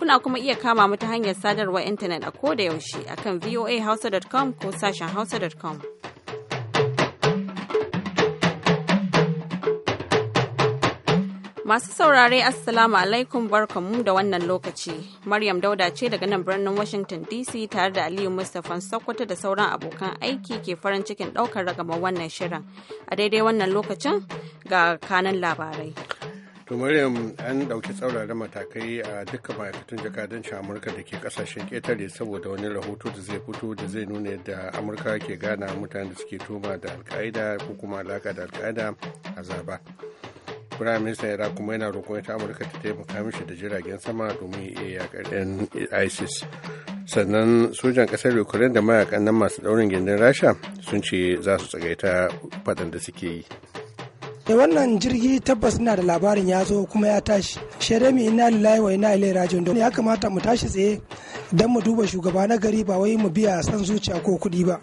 Kuna kuma iya kama mu ta hanyar sadarwar intanet a koda yaushe akan voahausa.com ko sashen hausa.com. Masu saurare Assalamu alaikum mu da wannan lokaci. Maryam Dauda ce daga nan birnin Washington DC tare da Aliyu Mustapha Sokoto da sauran abokan aiki ke farin cikin ɗaukar ragamar wannan shirin. A daidai wannan lokacin ga kanan labarai. to maryam an dauki tsauraren matakai a duka ma'aikatan jakadancin amurka da ke kasashen ketare saboda wani rahoto da zai fito da zai nuna yadda amurka ke gana mutane da suke tuma da alka'ida ko kuma alaƙa da alka'ida a zaba firayim minista ya kuma yana roƙon ita amurka ta taimaka mishi da jiragen sama domin iya yakar yan isis sannan sojan ƙasar ukraine da mayakan nan masu ɗaurin gindin rasha sun ce za su tsagaita faɗan da suke yi e wannan jirgi tabbas na da labarin ya zo kuma ya tashi shedami ina lillahi wa ina ilaihi rajiun don ya kamata mu tashi tsaye don mu duba shugaba na gari ba wai mu biya san zuciya ko kuɗi ba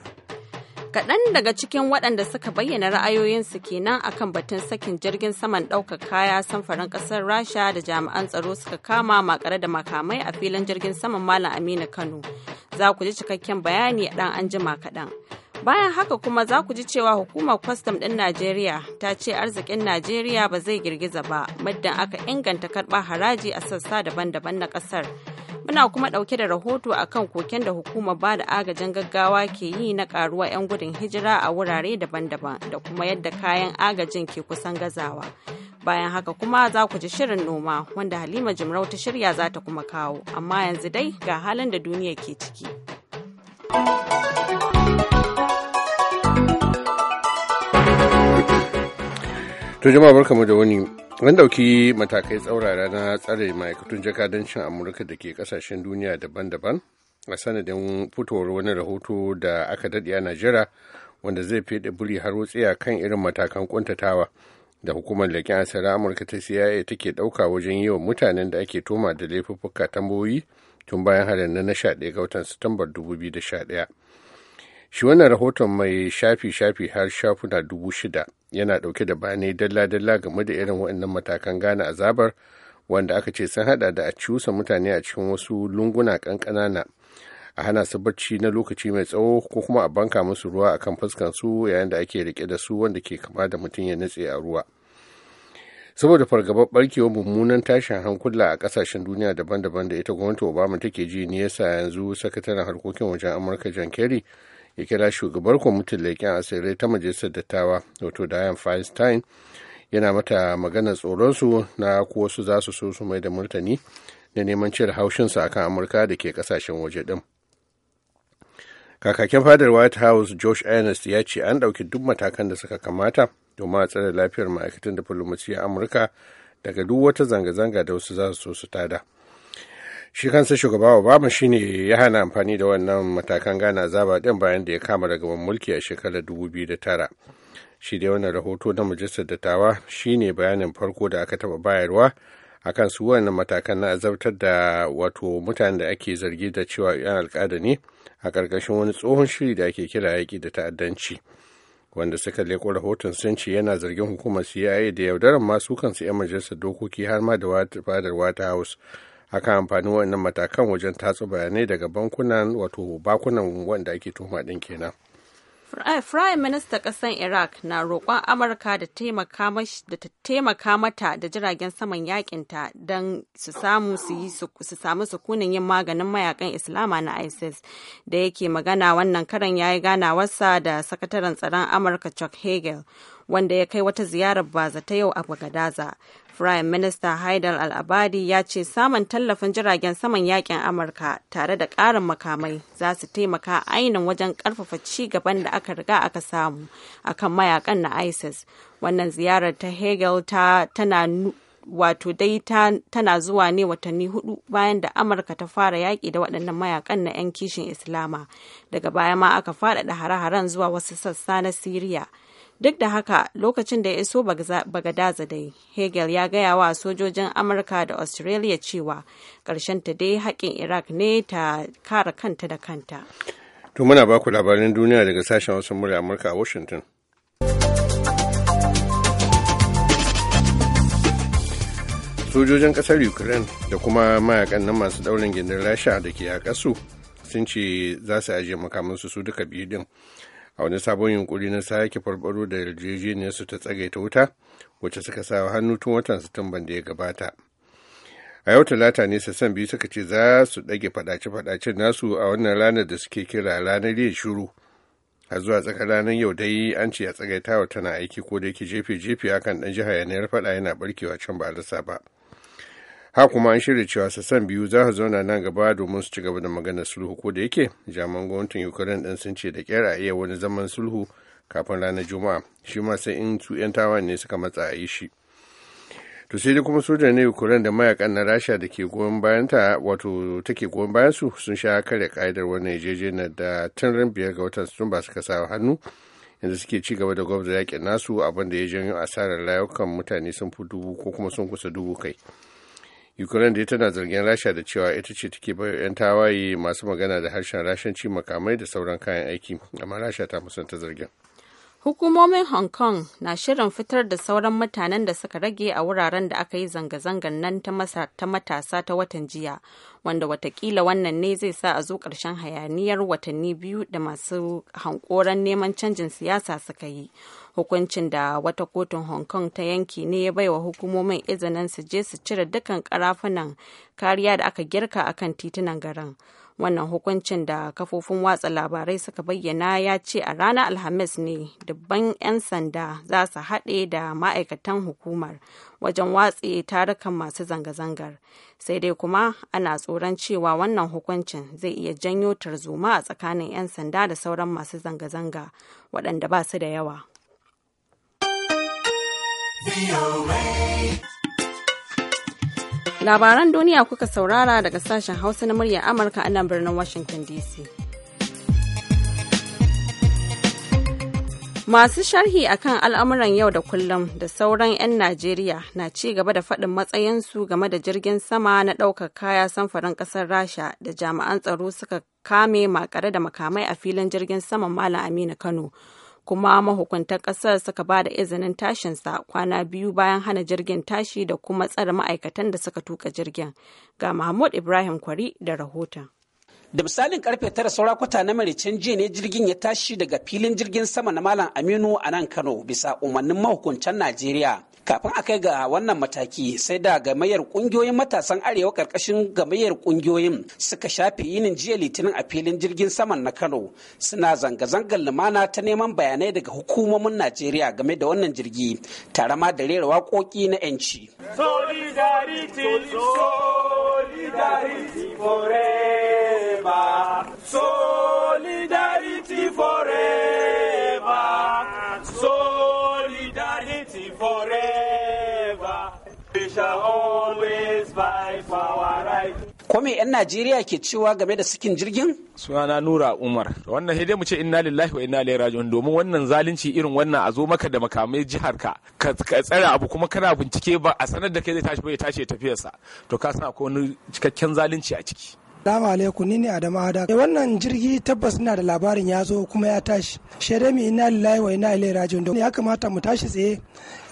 kaɗan daga cikin waɗanda suka bayyana ra'ayoyinsu kenan akan batun sakin jirgin saman ɗaukar kaya samfarin ƙasar rasha da jami'an tsaro suka kama makare da makamai a filin jirgin saman malam aminu kano za ku ji cikakken bayani ɗan an jima kaɗan Bayan haka kuma za ku ji cewa hukumar kwastam ɗin Najeriya ta ce arzikin Najeriya ba zai girgiza ba muddin aka inganta karɓar haraji a sassa daban-daban na ƙasar. Muna kuma ɗauke da rahoto a kan koken da hukumar ba da agajin gaggawa ke yi na ƙaruwa 'yan gudun hijira a wurare daban-daban da kuma yadda kayan agajin ke kusan gazawa. Bayan haka kuma za ku ji shirin noma wanda Halima Jimrau ta shirya za ta kuma kawo, amma yanzu dai ga halin da duniya ke ciki. To jama'a barkamu da wani an dauki matakai tsaurara na tsare ma'aikatun jakadancin Amurka da ke kasashen duniya daban-daban a sanadin fitowar wani rahoto da aka daɗe a Najeriya wanda zai fede buri har wutsiya kan irin matakan kuntatawa da hukumar leƙen asirin Amurka ta CIA take ɗauka wajen yi wa mutanen da ake toma da laifuffuka tambayoyi tun bayan harin na sha ɗaya ga watan Satumbar ɗaya Shi wannan rahoton mai shafi-shafi har shafuna dubu shida yana dauke da bayanai dalla-dalla game da irin waɗannan matakan gane azabar wanda aka ce sun hada da a cusa mutane a cikin wasu lunguna ƙanƙanana a hana su barci na lokaci mai tsawo ko kuma a banka musu ruwa akan fuskan su yayin da ake rike da su wanda ke kama da mutum ya nutse a ruwa saboda fargabar barkewar mummunan tashin hankula a kasashen duniya daban-daban da ita gwamnati obama take ji ne yasa yanzu sakataren harkokin wajen amurka john kerry ya kira shugabar kwamitin leƙen asirai ta majalisar dattawa wato diane feinstein yana mata magana tsoronsu na ko wasu za su so su mai da murtani da neman cire haushinsu akan amurka da ke kasashen waje din kakakin fadar white house josh ernest ya ce an ɗauki duk matakan da suka kamata domin a tsare lafiyar ma'aikatan diflomasiyya amurka daga duk wata zanga-zanga da wasu za su so su tada shi kansa shugaba obama shine ya hana amfani da wannan matakan gana zaba din bayan da ya kama daga mulki a shekarar 2009 shi dai wannan rahoto na majalisar dattawa shine bayanin farko da aka taba bayarwa akan su wannan matakan na azabtar da wato mutanen da ake zargi da cewa yan alƙada ne a ƙarƙashin wani tsohon shiri da ake kira yaƙi da ta'addanci wanda suka leko rahoton sun ce yana zargin hukumar CIA da yaudarar masu kansu 'yan majalisar dokoki har ma da fadar White House akan amfani wannan matakan wajen tatsu bayanai daga bankunan wato bakunan wanda ake tuhuma din kenan Firayim Minista ƙasar Iraq na roƙon Amurka da ta taimaka mata da jiragen saman yakinta don su samu su samu sukunin yin maganin mayakan Islama na ISIS da yake magana wannan karan ya yi ganawarsa da sakataren tsaron Amurka Chuck Hagel wanda ya kai wata ziyarar za ta yau a Bagadaza. Prime Minister Haidar Al-Abadi ya ce samun tallafin jiragen saman yakin Amurka tare da ƙarin makamai za su taimaka ainihin wajen ƙarfafa ci gaban da aka riga aka samu akan mayakan na ISIS. Wannan ziyarar ta Hegel ta tana wato dai tana zuwa ne watanni hudu bayan da amurka ta fara yaƙi da waɗannan mayakan na 'yan kishin islama daga baya ma aka faɗaɗa hare-haren zuwa wasu sassa na siriya Duk da haka lokacin da ya iso baga daza dai, Hegel ya gaya wa sojojin Amurka da Australia cewa ta dai haƙƙin Iraq ne ta kara kanta da kanta. To muna ba ku labarin duniya daga sashen wasu murya Amurka a Washington. Sojojin ƙasar Ukraine da kuma mayakan nan masu daurin gindin Rasha da ke a ƙasu sun ce za su ajiye makamansu su duka biyu din. a wani sabon yunkuri na sake farbaro da yarjejeniyar su ta ta wuta wacce suka sa hannu tun watan satumban da ya gabata a yau talata ne sassan biyu suka ce za su ɗage faɗace-faɗacen nasu a wannan ranar da suke kira ranar yin shiru har zuwa tsakar ranar yau dai an ce a tsagaitawa tana aiki ko da yake jefe-jefe akan ɗan jiha yanayar faɗa yana barkewa can ba a ba. ha kuma an shirya cewa sassan biyu za su zauna nan gaba domin su ci gaba da maganar sulhu ko da yake jaman gwamnatin ukraine din sun ce da kyar a iya wani zaman sulhu kafin ranar juma'a shi ma sai in su 'yan tawa ne suka matsa a yi shi to sai dai kuma sojan na ukraine da mayakan na rasha da ke goyon bayan ta wato take goyon bayan su sun sha kare ka'idar wannan yarjejeniyar da tun ran biyar ga watan sun ba suka sa hannu yanzu suke ci gaba da gwamnati yakin nasu abinda ya janyo asarar layukan mutane sun fi dubu ko kuma sun kusa dubu kai ukraine da tana zargin rasha da cewa ita ce take bai 'yan tawaye masu magana da harshen rashanci makamai da sauran kayan aiki amma rasha ta musanta zargin Hukumomin Hong Kong na shirin fitar da sauran mutanen da suka rage a wuraren da aka yi zanga-zangar nan ta, matasa ta watan jiya, wanda watakila wannan ne zai sa a zo ƙarshen hayaniyar watanni biyu da masu hankoran neman canjin siyasa suka yi. Hukuncin da wata kotun Hong Kong ta yanki ne ya baiwa hukumomin izinin su je su cire dukkan karafunan kariya da aka girka akan titunan garin. wannan hukuncin da kafofin watsa labarai suka bayyana ya ce a ranar alhamis ne dubban 'yan sanda za su haɗe da ma'aikatan hukumar wajen watse tarukan masu zanga-zangar sai dai kuma ana tsoron cewa wannan hukuncin zai iya janyo tarzoma a tsakanin 'yan sanda da sauran masu zanga-zanga waɗanda ba su da yawa. Labaran duniya kuka saurara daga sashen Hausa na murya Amurka a nan birnin Washington DC. Masu sharhi a kan al'amuran yau da kullum da sauran 'yan Najeriya na ci gaba da faɗin matsayinsu game da jirgin sama na ɗaukar kaya samfarin ƙasar Rasha da jami'an tsaro suka kame makare da makamai a filin jirgin saman Malam Aminu Kano kuma mahukuntan ƙasar suka ba da izinin tashinsa kwana biyu bayan hana jirgin tashi da kuma tsare ma'aikatan da suka tuka jirgin ga mahmud ibrahim kwari da rahoton da misalin karfe tara saura kwata na maricin jiya ne jirgin ya tashi daga filin jirgin sama na malam aminu a nan kano bisa umarnin mahukuntan najeriya kafin a kai ga wannan mataki sai da gamayyar kungiyoyin matasan arewa karkashin gamayyar kungiyoyin suka shafe yinin jiya litinin a filin jirgin saman na kano suna zanga-zangar lumana ta neman bayanai daga hukumomin najeriya game da wannan jirgi tare ma da rera waƙoƙi na 'yanci. me 'yan Najeriya ke cewa game da sikin jirgin? Sunana Nura Umar. Wannan sai mu ce inna lillahi wa inna ilaihi raji'un domin wannan zalunci irin wannan a zo maka da makamai jihar ka ka tsare abu kuma kana bincike ba a sanar da kai zai tashi ba ya tashi ya tafiyarsa. To ka san akwai wani cikakken zalunci a ciki. Salamu alaikum ni ne Adamu Hada. Eh, wannan jirgi tabbas yana da labarin ya zo kuma ya tashi. Shere mu ina lillahi wa ina ilaihi rajiun. don ya kamata mu tashi tsaye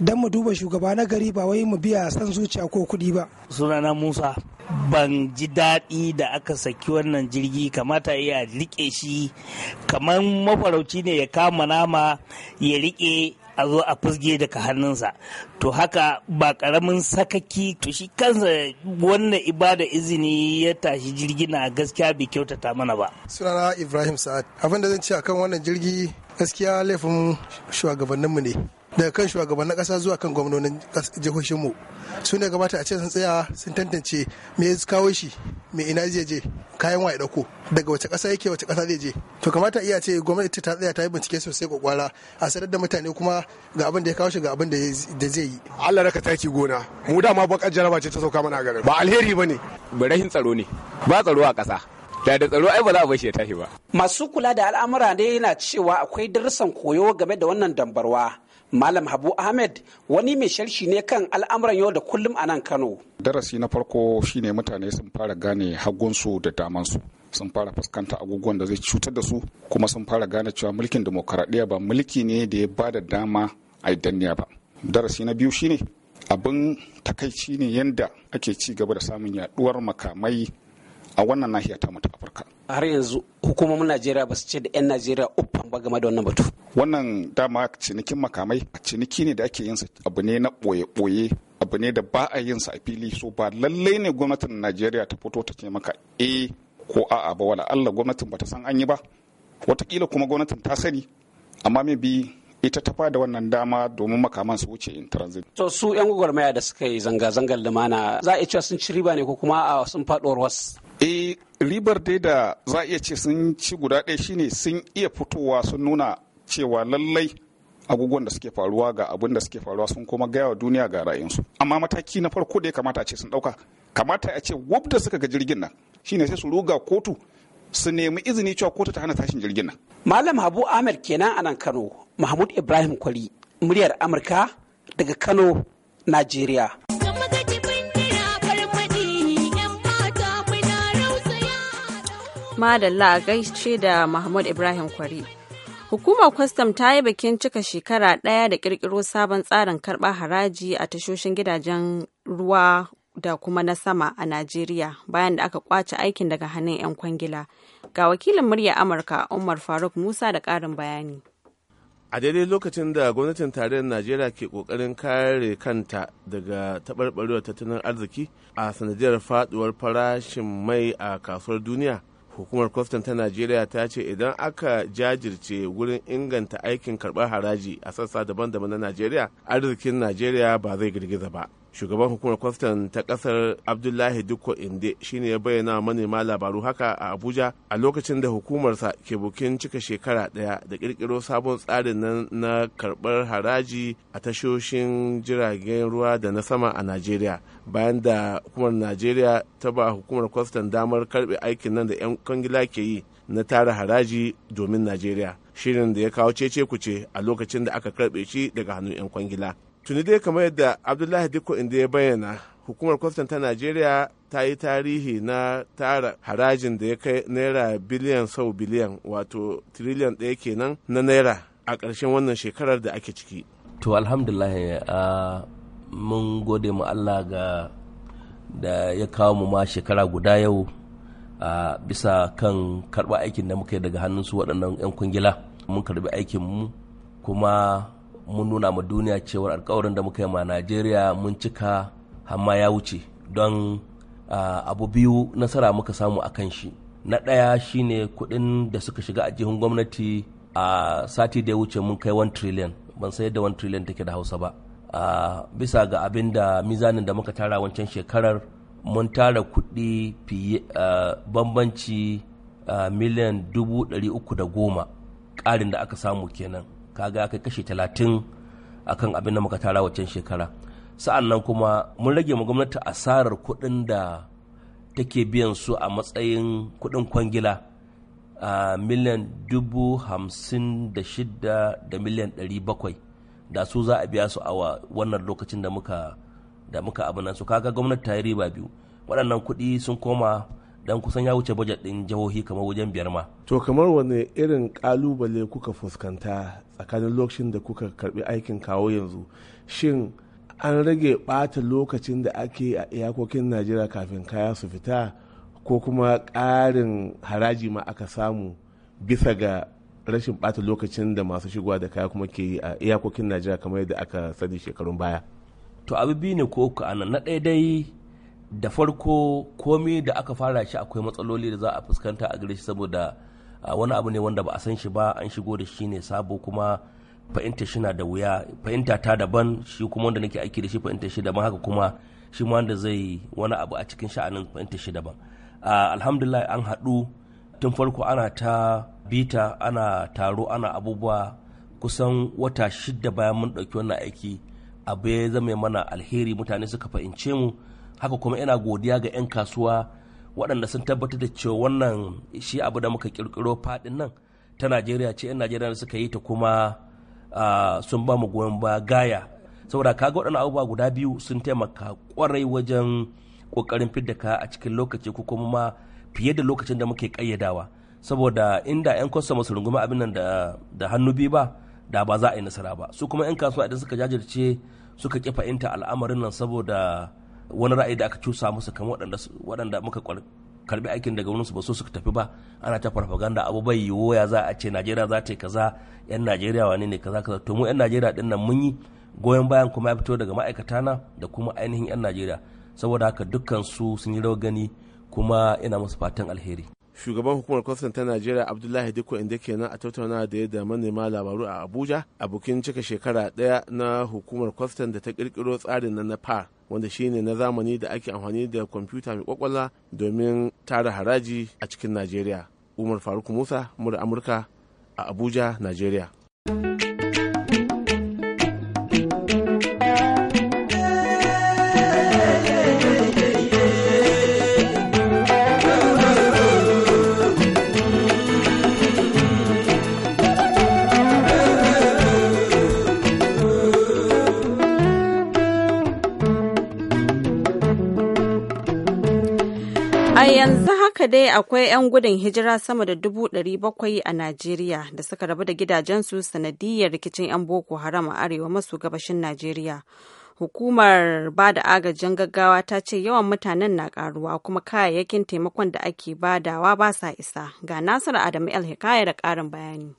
dan mu duba shugaba na gari ba wai mu biya san zuciya ko kuɗi ba. Sunana Musa ban ji daɗi da aka saki wannan jirgi kamata ya rike shi kamar mafarauci ne ya kama nama ya rike. a zo a fusge daga hannunsa to haka ba karamin sakaki to shi kansa wannan ibada izini ya tashi jirgi na gaskiya bai kyautata mana ba sunana ibrahim sa'ad abinda zan ce akan wannan jirgi gaskiya laifin shugabanninmu ne daga kan na kasa zuwa kan gwamnonin jihohinmu su ne gabata a ce sun tsaya sun tantance me ya kawo shi me ina zai je kayan waye dauko daga wace kasa yake wace kasa zai je to kamata iya ce gwamnati ta tsaya ta yi bincike sosai kokwara a sanar da mutane kuma ga abin da ya kawo shi ga abin da zai yi Allah raka taki gona mu ma bakar jaraba ce ta sauka mana garin ba alheri bane rahin tsaro ne ba tsaro a kasa da da tsaro ai ba za a shi ya tashi ba masu kula da al'amura ne yana cewa akwai darussan koyo game da wannan dambarwa Malam Habu Ahmed wani mai sharshi ne kan al'amuran yau da kullum a nan Kano. Darasi na farko shine mutane sun fara gane hagunsu da damansu. sun fara fuskanta agogon da zai cutar da su kuma sun fara gane cewa mulkin demokaradiyya ba mulki ne da ya ba da dama a danniya ba darasi na biyu shine abin takaici ne yadda ake ci gaba da samun yaduwar makamai a wannan nahiya ta mu afirka har yanzu hukumomin najeriya ba su ce da 'yan najeriya uffan ba game da wannan batu wannan dama cinikin makamai ciniki ne da ake yin sa abu ne na ɓoye-ɓoye abu ne da ba a yin sa a fili so ba lallai ne gwamnatin najeriya ta fito ta ce maka e ko a'a ba wala allah gwamnatin ba ta san an yi ba watakila kuma gwamnatin ta sani amma mai bi ita ta fada wannan dama domin makaman su wuce in transit. To su 'yan gwagwarmaya da suka yi zanga-zangar lumana za a iya cewa sun ci riba ne ko kuma a sun faɗuwar wasu. e ribar dai da za a iya ce sun ci guda ɗaya shine sun iya fitowa sun nuna cewa lallai abubuwan da suke faruwa ga abin da suke faruwa sun kuma gaya wa duniya ga ra'ayinsu amma mataki na farko da ya kamata a ce sun ɗauka kamata a ce wab da suka ga jirgin nan shine sai su ruga kotu su nemi izini cewa kotu ta hana tashin jirgin nan malam habu ahmed kenan a nan kano mahmud ibrahim kwari muryar amurka daga kano najeriya Madalla gaishe da Mahmud Ibrahim Kwari. Hukumar kwastam ta yi bikin cika shekara ɗaya da ƙirƙiro sabon tsarin karɓar haraji a tashoshin gidajen ruwa da kuma na sama a Najeriya bayan da aka kwace aikin daga hannun 'yan kwangila. Ga wakilin murya Amurka Umar Faruk Musa da ƙarin bayani. a daidai lokacin da gwamnatin tarayyar najeriya ke ƙoƙarin kare kanta daga taɓarɓarewar tattalin arziki a sanadiyar faɗuwar farashin mai a kasuwar duniya hukumar Kwastan ta najeriya ta ce idan aka jajirce wurin inganta aikin karɓar haraji a sassa daban-daban na najeriya arzikin najeriya ba zai girgiza ba shugaban hukumar kwastan ta kasar abdullahi dukko inde shine ya bayyana manema labaru haka a abuja a lokacin da hukumarsa ke bukin cika shekara daya da kirkiro sabon tsarin nan na karbar haraji a tashoshin jiragen ruwa da na sama a najeriya bayan da hukumar najeriya ta ba hukumar kwastan damar karbe aikin nan da 'yan kwangila ke yi na tara haraji domin najeriya shirin da ya kawo cece kuce a lokacin da aka karbe shi daga hannun 'yan kwangila tuni dai kamar yadda abdullahi diko inda ya bayyana hukumar kwastan ta najeriya ta yi tarihi na tara harajin da ya kai naira biliyan sau biliyan wato tiriliyan ɗaya kenan na naira a ƙarshen wannan shekarar da ake ciki to alhamdulillah mun gode mu allah ga da ya kawo mu ma shekara guda yau a bisa kan karɓa aikin da muka yi daga su waɗannan 'yan kungila mun karɓi aikin mu kuma mun nuna ma duniya cewar alkawarin da muka yi ma najeriya mun cika hamma ya wuce don abu biyu nasara muka samu a kan shi na ɗaya shine kuɗin da suka shiga a jihun gwamnati a sati da ya wuce mun kai 1 trillion ban sai da 1 trillion take da hausa ba bisa ga abin da mizanin da muka tara wancan shekarar mun tara kuɗi fiye bambanci miliyan dubu ɗari uku da goma ƙarin da aka samu kenan kaga kai kashi talatin akan abin da muka tara waccan shekara sa'an nan kuma mun rage mu gwamnati asarar kuɗin da take biyan su a matsayin kuɗin kwangila a miliyan dubu hamsin da shida da miliyan ɗari bakwai da su za a biya su a wannan lokacin da muka da muka abinan su kaga gwamnati ta yi riba biyu waɗannan kuɗi sun koma dan kusan ya wuce bajet din jihohi kamar wajen biyar ma to kamar wani irin kalubale kuka fuskanta tsakanin lokacin da kuka karbi aikin kawo yanzu shin an rage bata lokacin da ake a iyakokin najeriya kafin kaya su fita ko kuma ƙarin haraji ma aka samu bisa ga rashin bata lokacin da masu shigowa da kaya kuma ke yi a iyakokin najeriya kamar yadda aka sani shekarun baya to abu biyu ne ko ka anan na ɗaya dai da farko komi da aka fara shi akwai matsaloli da za a fuskanta a gare shi saboda wani abu ne wanda ba a san shi ba an shigo da shi ne sabo kuma fahimta shi na da wuya fahimta ta daban shi kuma wanda nake aiki da shi fahimta shi daban haka kuma shi ma wanda zai wani abu a cikin sha'anin fahimta shi daban alhamdulillah an haɗu tun farko ana ta bita ana taro ana abubuwa kusan wata shidda bayan mun ɗauki wannan aiki abu ya zama mana alheri mutane suka fahimce mu haka kuma ina godiya ga 'yan kasuwa waɗanda sun tabbatar da cewa wannan shi abu da muka kirkiro faɗin nan ta najeriya ce 'yan najeriya da suka yi ta kuma sun ba mu goyon ba gaya saboda kaga waɗannan abubuwa guda biyu sun taimaka kwarai wajen ƙoƙarin fidda ka a cikin lokaci ko kuma ma fiye da lokacin da muke ƙayyadawa saboda inda 'yan kwastama masu rungumi abin nan da hannu biyu ba da ba za a yi nasara ba su kuma 'yan kasuwa idan suka jajirce suka kifa inta al'amarin nan saboda wani ra'ayi da aka cusa musu kamar waɗanda muka karbi aikin daga wurinsu ba so suka tafi ba ana ta farfaganda abu bai yiwu ya za a ce najeriya za ta yi kaza yan najeriya wane ne kaza kaza to mu yan najeriya din nan mun yi goyon bayan kuma ya fito daga ma'aikata na da kuma ainihin yan najeriya saboda haka dukkan su sun yi rawar gani kuma ina musu fatan alheri shugaban hukumar kwastan ta najeriya abdullahi diko inda kenan a tattauna da yadda manema labaru a abuja abokin cika shekara daya na hukumar kwastan da ta kirkiro tsarin na NEPAL wanda shine na zamani da ake amfani da kwamfuta mai kwakwalwa domin tara haraji a cikin najeriya umar faruk musa mura amurka a abuja najeriya dai akwai 'yan gudun hijira sama da dubu ɗari bakwai a Najeriya da suka rabu da gidajensu sanadiyar rikicin 'yan Boko Haram a arewa maso gabashin Najeriya. Hukumar ba da agajin gaggawa ta ce yawan mutanen na karuwa kuma kayayyakin taimakon da ake badawa ba sa isa. Ga Nasiru Adamu El Hikaya da ƙarin bayani.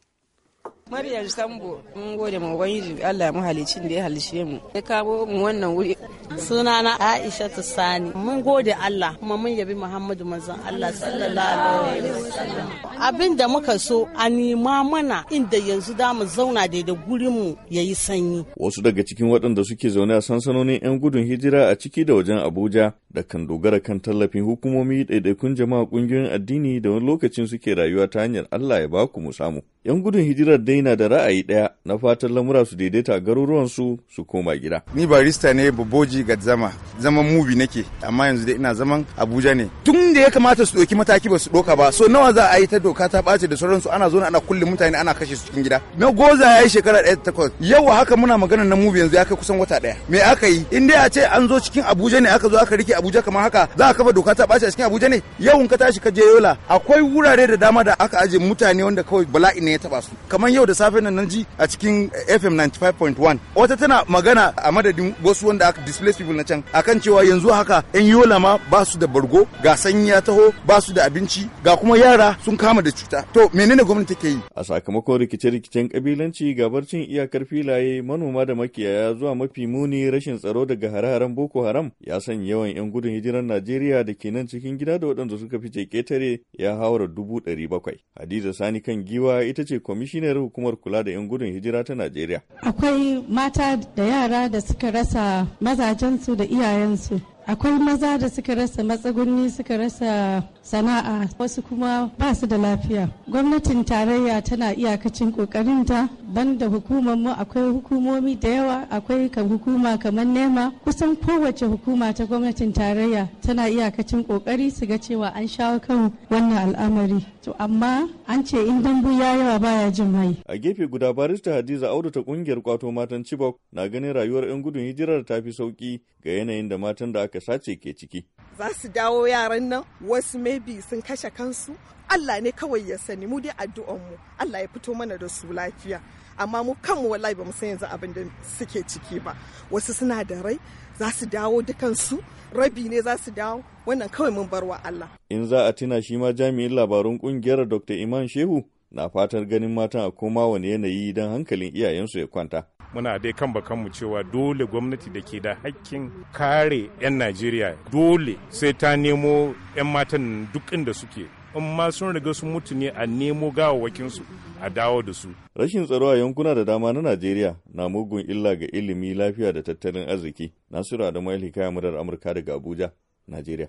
Maryam Sambo, mun gode ma Ubangiji Allah mu halicin da ya halice mu. Ya kawo mu wannan wuri. Sunana Aisha Sani. Mun gode Allah kuma mun yabi Muhammadu manzon Allah sallallahu alaihi wasallam. abin da muka so a nima mana inda yanzu da mu zauna daidai gurinmu ya yi sanyi. Wasu daga cikin waɗanda suke zaune a sansanonin 'yan gudun hijira a ciki da wajen Abuja da kan dogara kan tallafin hukumomi ɗaiɗaikun jama'a ƙungiyoyin addini da wani lokacin suke rayuwa ta hanyar Allah ya baku mu samu. 'Yan gudun hijira dai na da ra'ayi ɗaya na fatan lamura su daidaita a garuruwansu su koma gida. Ni barista ne Boboji zama zaman mubi nake, amma yanzu dai ina zaman Abuja ne. Tun da ya kamata su ɗauki mataki ba su ɗoka ba, so nawa za a yi ta doka ta ɓace da sauransu ana zo ana kulle mutane ana kashe su cikin gida na goza ya yi shekara ɗaya takwas yau haka muna magana na mu yanzu ya kai kusan wata ɗaya me aka yi in dai a ce an zo cikin abuja ne aka zo aka rike abuja kamar haka za a kafa doka ta ɓace a cikin abuja ne yau ka tashi ka je yola akwai wurare da dama da aka aje mutane wanda kawai bala'i ne ya taba su kamar yau da safe nan nan ji a cikin fm 95.1 wata tana magana a madadin wasu wanda aka displace people na can akan cewa yanzu haka yan yola ma ba su da bargo ga sanyi ya taho ba su da abinci ga kuma yara sun kama kama da cuta to menene gwamnati take yi a sakamakon rikice-rikicen kabilanci gabar cin iyakar filaye manoma da makiyaya zuwa mafi muni rashin tsaro daga hare-haren boko haram ya sanya yawan yan gudun hijirar najeriya da ke nan cikin gida da waɗanda suka fice ketare ya haura dubu ɗari bakwai hadiza sani kan giwa ita ce kwamishinar hukumar kula da yan gudun hijira ta najeriya akwai mata da yara da suka rasa mazajensu da iyayensu akwai maza da suka rasa matsugunni suka rasa sana'a wasu kuma ba su da lafiya gwamnatin tarayya tana iyakacin kokarinta banda hukumar mu akwai hukumomi da yawa akwai hukuma kamar nema kusan kowace hukuma ta gwamnatin tarayya tana iyakacin kokari su ga cewa an shawo kan wannan al'amari to amma an ce in dambu ya yawa baya jin mai a gefe guda barista hadiza audu ta kungiyar kwato matan chibok na ganin rayuwar yan gudun hijirar ta fi sauki ga yanayin da matan da aka sace ke ciki za su dawo yaran nan wasu maybe sun kashe kansu allah ne kawai ya sani mu dai addu'anmu mu allah ya fito mana da su lafiya amma mu kanmu wallahi ba mu san yanzu abin da suke ciki ba wasu suna da rai za su dawo dukansu rabi ne za su dawo wannan kawai mun bar wa Allah in za a tuna shi ma jami'in labarun kungiyar Dr. Iman Shehu na fatar ganin matan a koma wani yanayi don hankalin iyayensu ya kwanta muna dai kan bakan mu cewa dole gwamnati da ke da hakkin kare 'yan najeriya dole sai ta nemo 'yan matan duk inda suke in ma sun riga sun mutu ne a nemo gawawakinsu a dawo da su. Rashin tsaro a yankuna da dama na Najeriya na mugun illa ga ilimi lafiya da tattalin arziki. Nasiru Adamu Ali kayan murar Amurka daga Abuja, Najeriya.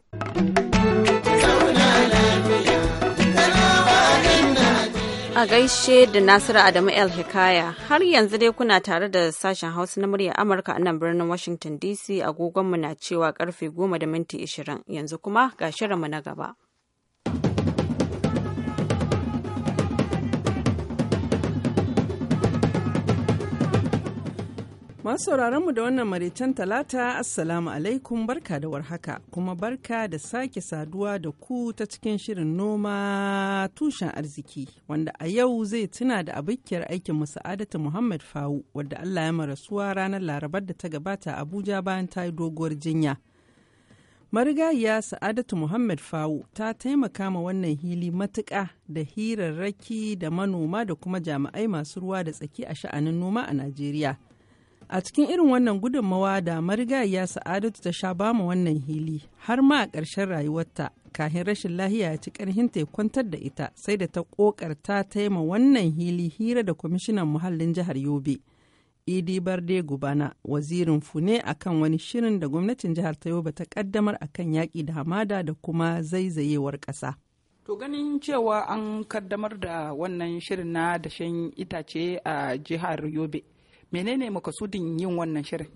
A gaishe da Nasiru Adamu El Hikaya, har yanzu dai kuna tare da sashen Hausa na muryar Amurka a nan birnin Washington DC agogonmu na cewa karfe goma da minti 20 yanzu kuma ga shirinmu na gaba. Masu mu da wannan maraicen talata Assalamu alaikum barka da warhaka kuma barka da sake saduwa da ku ta cikin shirin noma tushen arziki wanda a yau zai tuna da abikiyar aikin musa'adatu Muhammad Fawu wadda Allah ya marasuwa ranar larabar da ta gabata Abuja bayan ta yi doguwar jinya. marigayiya sa'adatu muhammad fawu ta taimaka ma wannan hili matuƙa da hirarraki da manoma da kuma jami'ai masu ruwa da tsaki a sha'anin noma a najeriya A cikin irin wannan gudunmawa da marigayiya Sa'adatu ta sha bamu wannan hili har ma a ƙarshen rayuwarta kahin rashin lahiya ya ci ƙarhin ta kwantar da ita sai da ta ƙoƙarta ta yi ma wannan hili hira da kwamishinan muhallin jihar Yobe. Idi Barde Gubana wazirin Fune akan wani shirin da gwamnatin jihar ta Yobe ta ƙaddamar akan yaƙi da hamada da kuma zaizayewar ƙasa. To ganin cewa an kaddamar da wannan shirin na dashen itace a jihar Yobe. menene makasudin yin wannan shirin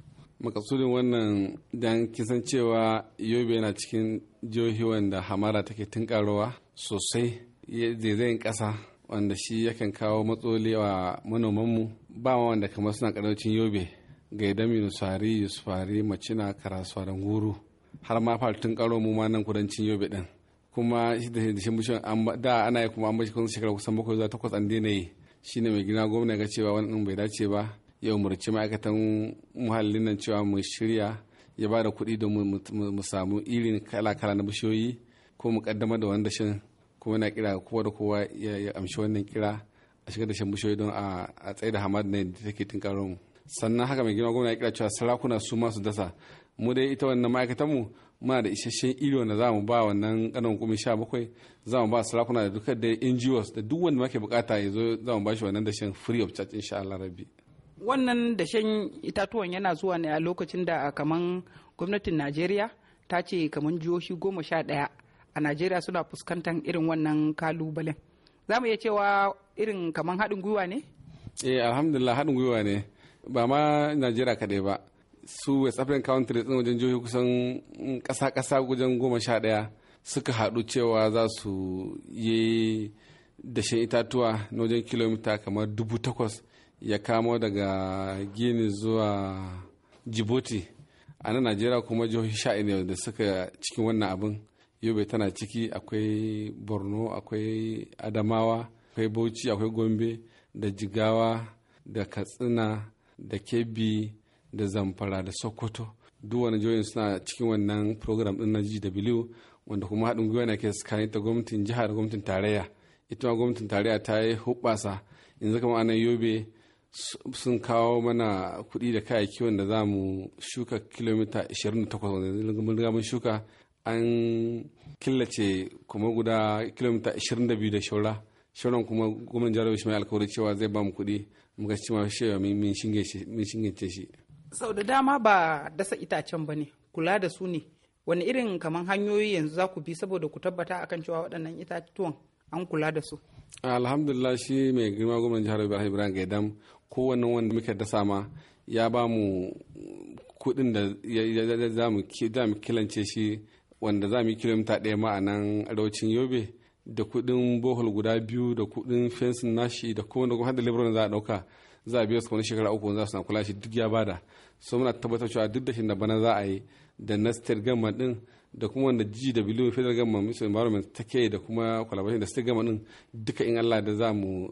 makasudin wannan don kisan cewa yobe yana cikin jihohi wanda hamara take tunkarowa sosai zaizayin ƙasa wanda shi yakan kawo matsoli wa manomanmu ba ma wanda kamar suna ƙarancin yobe idan minusari yusufari macina karasuwa da guru har ma fara tunkaro mu ma nan kudancin yobe din kuma da shi mushin da ana yi kuma an bashi kusan shekara kusan bakwai zuwa takwas an daina yi shine mai gina gwamna ga cewa wannan bai dace ba ya umarci ma'aikatan muhallin nan cewa mu shirya ya ba da kuɗi da mu samu irin kala-kala na bishiyoyi ko mu kaddamar da wani dashen kuma na kira kowa da kowa ya amshi wannan kira a shiga dashen bishiyoyi don a tsaye da hamad ne da take tinkaro mu sannan haka mai girma gwamna ya kira cewa sarakuna su masu dasa mu dai ita wannan ma'aikatan mu muna da isasshen ilo na zamu ba wannan kanan hukumi sha bakwai zamu ba sarakuna da duka da NGOs da duk wanda ke bukata ya zo zamu ba shi wannan dashen free of charge insha Allah rabbi wannan dashen itatuwan yana zuwa ne a lokacin da kaman gwamnatin najeriya ta ce kaman jihohi goma sha daya a najeriya suna fuskantar irin wannan kalubalen za mu iya cewa irin kaman haɗin gwiwa ne eh alhamdulillah haɗin gwiwa ne ba ma najeriya kaɗai ba su west african countries ɗin wajen jihohi kusan ƙasa-ƙasa wajen goma sha ɗaya suka haɗu cewa za su yi dashen itatuwa na wajen kilomita kamar dubu takwas ya kamo daga gini zuwa jibuti a nan najeriya kuma jihohi sha ne da suka cikin wannan abin yobe tana ciki akwai borno akwai adamawa akwai bauchi akwai gombe da jigawa da katsina da kebbi da zamfara da sokoto duk wani jihohin suna cikin wannan program din na gw wanda kuma haɗin gwiwa na ke tsakanin ta gwamnatin jihar gwamnatin tarayya ita ma gwamnatin tarayya ta yi hubbasa yanzu kama anan yobe sun kawo mana kuɗi da kayayyaki wanda za mu shuka kilomita 28 wanda mun riga mun shuka an killace kuma guda kilomita 22 da shaura shauran kuma gwamnan jihar mai alkawari cewa zai ba mu kuɗi muka cewa shi shewa min shingince shi. sau da dama ba dasa itacen ba ne kula da su ne wani irin kamar hanyoyi yanzu za ku bi saboda ku tabbata akan cewa waɗannan itatuwan an kula da su alhamdulillah shi mai girma gwamnan jihar ibrahim ibrahim gaidam kowane wanda muka dasa ma ya ba mu kudin da za mu kilance shi wanda za mu yi kilomita ɗaya ma a nan arewacin yobe da kudin bohol guda biyu da kudin fensin nashi da kuma da kuma da lebron za a ɗauka za a biya su shekara uku za su na kula shi duk ya bada so muna tabbatar cewa duk da shi da bana za a yi da na state gama din da kuma wanda GW Federal Government Ministry Environment ke da kuma collaboration da state government duka in Allah da za mu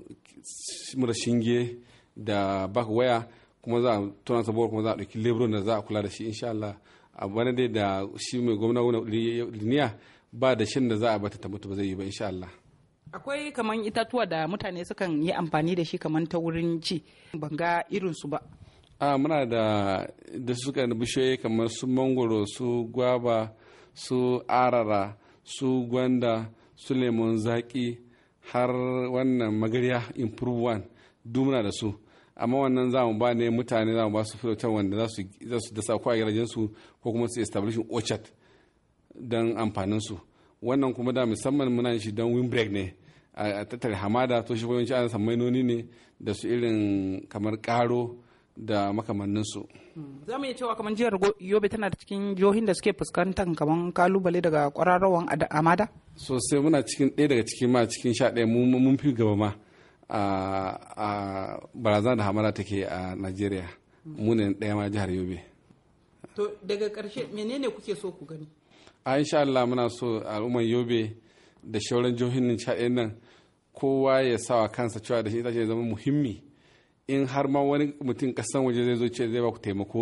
mura shinge da back waya kuma za a tona sabuwar kuma za a ɗauki lebron da za a kula da shi insha Allah a bana dai da shi mai gwamna wani liniya ba da shin da za a bata ta mutu ba zai yi ba insha Allah. Akwai kaman itatuwa da mutane sukan yi amfani da shi kaman ta wurin ci ban ga irin su ba. A muna da da suka bishiyoyi kamar su mangoro su gwaba su arara su gwanda su lemon zaki har wannan magarya improve one dumuna da su amma wannan za mu ba ne mutane za mu ba su filotar wanda za su dasa ko a su ko kuma su establishing orchard don amfaninsu wannan kuma da musamman muna shi don windbreak ne a tattare hamada to shi yawanci ana samu mainoni ne da su irin kamar karo da makamanninsu. za mu iya cewa kamar jihar yobe tana da cikin jihohin da suke fuskantar kamar kalubale daga kwararrawan amada sosai muna cikin ɗaya daga cikin ma cikin sha ɗaya mun fi gaba ma a barazana da hamada take a najeriya mu ne ɗaya ma jihar yobe to daga ƙarshe menene kuke so ku gani a insha Allah muna so al'ummar yobe da shauran jihohin nan sha nan kowa ya sawa kansa cewa da shi ita ce zama muhimmi in har ma wani mutum kasan waje zai zo ce zai ba ku taimako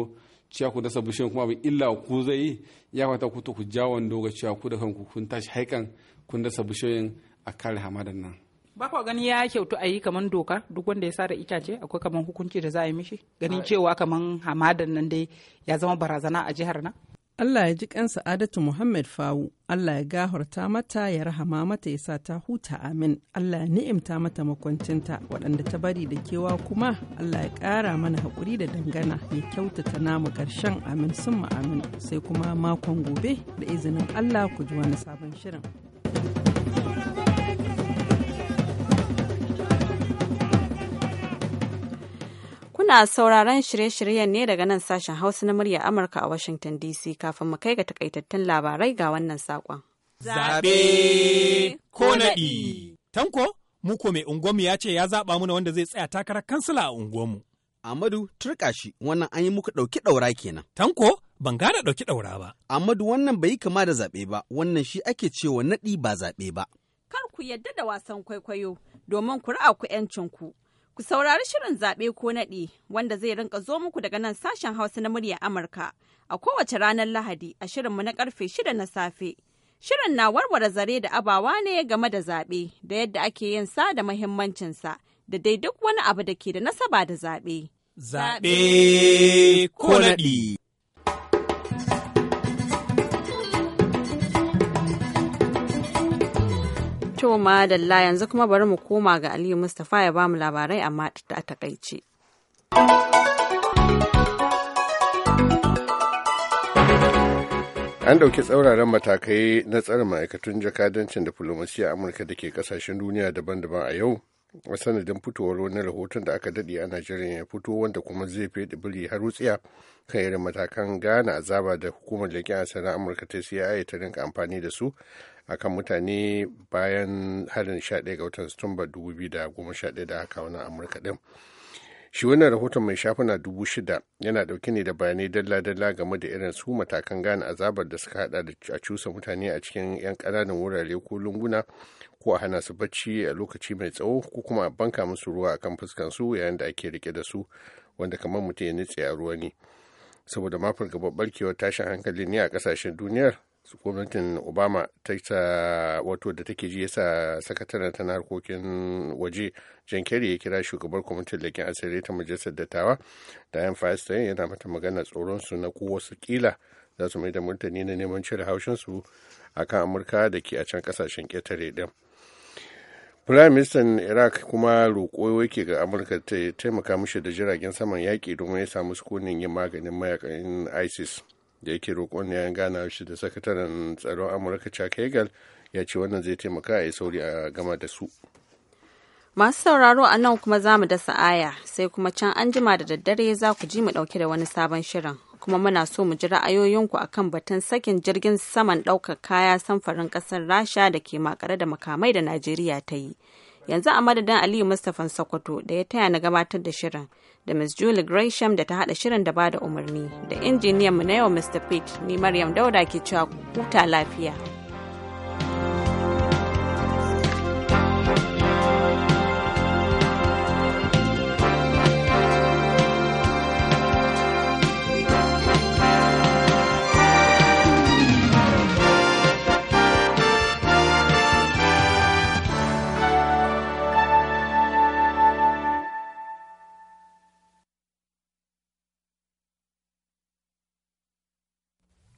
cewa ku dasa bishiyan kuma abin illa ku zai yi ya fata ku to ku ja wando ga cewa ku da kanku kun tashi haikan kun dasa bishiyoyin a kare hamadan nan ba kwa gani ya kyautu a yi kaman doka duk wanda ya sada itace akwai kaman hukunci da za a yi mishi ganin cewa kaman hamadan nan dai ya zama barazana a jihar nan Allah ya ji kan Sa'adatu Muhammad Fawu, Allah ya gafarta mata ya rahama mata ya sa ta huta amin, Allah ya ni'imta mata makwancinta waɗanda ta bari da kewa kuma Allah ya ƙara mana haƙuri da dangana ya kyautata namu ƙarshen amin sun amin sai kuma makon gobe da izinin Allah ku ji wani sabon shirin. Kuna sauraron shirye-shiryen ne daga nan sashen Hausa na murya Amurka a Washington DC kafin mu kai ga takaitattun labarai ga wannan sakon Zabe ko naɗi. Tanko, muko mai unguwarmu ya ce ya zaɓa muna wanda zai tsaya takarar kansila a unguwarmu. Amadu turka shi wannan an yi muka ɗauki ɗaura kenan. Tanko ban gane ɗauki ɗaura ba. Amadu wannan bai yi kama da zaɓe ba wannan shi ake cewa naɗi ba zaɓe ba. Kar ku yadda da wasan kwaikwayo domin ku ra'a ku 'yancinku. Ku saurari shirin zaɓe ko naɗi wanda zai rinka zo muku daga nan sashen Hausa na muryar Amurka a kowace ranar Lahadi a shirinmu na karfe shida na safe. Shirin na warware zare da abawa ne game da zaɓe da yadda ake yin sa da muhimmancinsa da dai duk wani abu da ke da nasaba da zaɓe. Zaɓe ko naɗi. To madalla yanzu kuma bari mu koma ga Aliyu Mustapha ya bamu labarai amma a takaice. An ɗauki tsauraran matakai na tsare ma'aikatun jakadancin a Amurka da ke kasashen duniya daban-daban a yau a sanadin fitowar wani rahoton da aka daɗe a Najeriya ya fito wanda kuma zai fi biri har wutsiya kan irin matakan gane azaba da hukumar leƙen asirin Amurka ta CIA ta rinka amfani da su akan mutane bayan harin 11 ga watan Satumba 2011 da haka wani Amurka din. Shi wannan rahoton mai shafuna dubu shida yana dauke ne da bayanai dalla-dalla game da irin su matakan gane azabar da suka hada da a cusa mutane a cikin 'yan kananan wurare ko lunguna ko a hana su bacci a lokaci mai tsawo ko kuma a banka musu ruwa akan fuskan su yayin da ake rike da su wanda kamar mutum ya nutse a ruwa ne. saboda mafar gabar barkewar tashin hankali ne a kasashen duniyar gwamnatin obama ta wato da take ji yasa sakataren ta harkokin waje jan kerry ya kira shugabar kwamitin lakin asiri ta majalisar dattawa diane feinstein yana mata magana tsoron su na su kila za su mai da martani na neman cire haushin su kan amurka da ke a can kasashen ƙetare ɗin Prime Minister Iraq kuma roƙo yake ga Amurka ta taimaka mishi da jiragen saman yaƙi domin ya samu sukunin yin maganin mayakan ISIS. da yake roƙon yayin gana shi da sakataren tsaron amurka chuck hagel ya ce wannan zai taimaka a yi sauri a gama da su masu sauraro a nan kuma za mu dasa aya sai kuma can an jima da daddare za ku ji mu ɗauke da wani sabon shirin kuma muna so mu ji ra'ayoyinku a kan batun sakin jirgin saman ɗaukar kaya samfarin ƙasar rasha da ke makare da makamai da najeriya ta yi yanzu a madadin aliyu mustapha sokoto da ya taya na gabatar da shirin da Ms. Julie Gresham da ta haɗa shirin da bada umarni da injiniyan mu na yau Mr. Pete ni Maryam Dauda ke cewa huta lafiya.